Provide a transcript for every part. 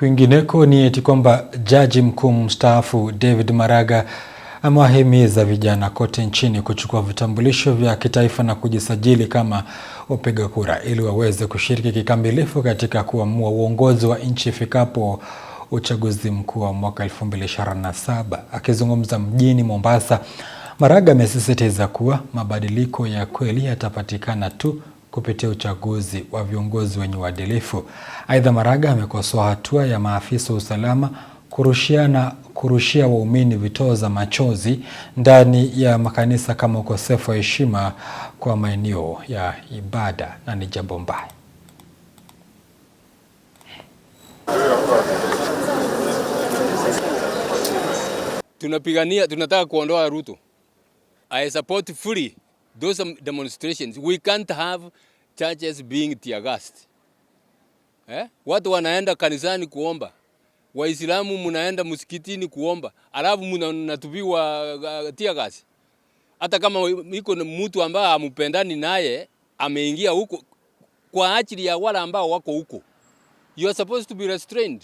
Kwingineko ni eti kwamba jaji mkuu mstaafu David Maraga amewahimiza vijana kote nchini kuchukua vitambulisho vya kitaifa na kujisajili kama wapiga kura ili waweze kushiriki kikamilifu katika kuamua uongozi wa nchi ifikapo uchaguzi mkuu wa mwaka 2027. Akizungumza mjini Mombasa, Maraga amesisitiza kuwa mabadiliko ya kweli yatapatikana tu kupitia uchaguzi wa viongozi wenye uadilifu. Aidha, Maraga amekosoa hatua ya maafisa wa usalama kurushiana kurushia waumini vitoo za machozi ndani ya makanisa kama ukosefu wa heshima kwa maeneo ya ibada na ni jambo mbaya. Tunapigania, tunataka kuondoa Ruto. I support fully those demonstrations, we can't have churches being tear gassed. Eh? Watu wanaenda kanisani kuomba, Waislamu mnaenda msikitini kuomba, alafu mnatupiwa uh, tear gas. Hata kama iko mtu ambaye amupendani naye ameingia huko kwa ajili ya wale ambao wako huko, you are supposed to be restrained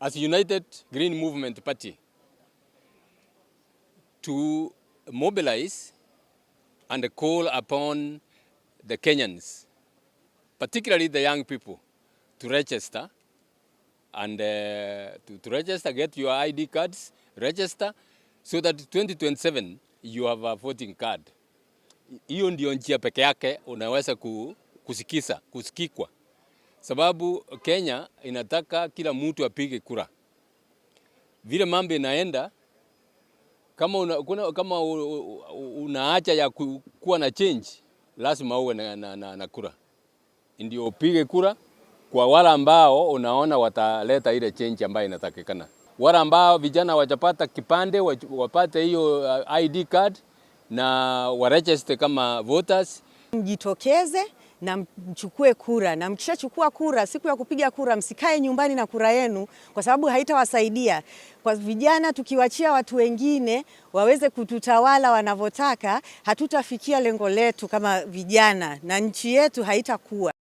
as United Green Movement Party to mobilize and call upon the Kenyans, particularly the young people, to register and uh, to, to register, get your ID cards, register, so that 2027 you have a voting card. Hiyo ndio njia peke yake unaweza kusikisa, kusikikwa, sababu Kenya inataka kila mtu apige kura. Vile mambo inaenda kama, una, kuna, kama unaacha ya ku, kuwa na change lazima uwe na, na, na, na kura ndio upige kura kwa wale ambao unaona wataleta ile change ambayo inatakikana. Wale ambao vijana wajapata kipande wapate hiyo uh, ID card na warejeste kama voters. Mjitokeze na mchukue kura, na mkishachukua kura, siku ya kupiga kura msikae nyumbani na kura yenu, kwa sababu haitawasaidia. Kwa vijana, tukiwachia watu wengine waweze kututawala wanavyotaka, hatutafikia lengo letu kama vijana, na nchi yetu haitakuwa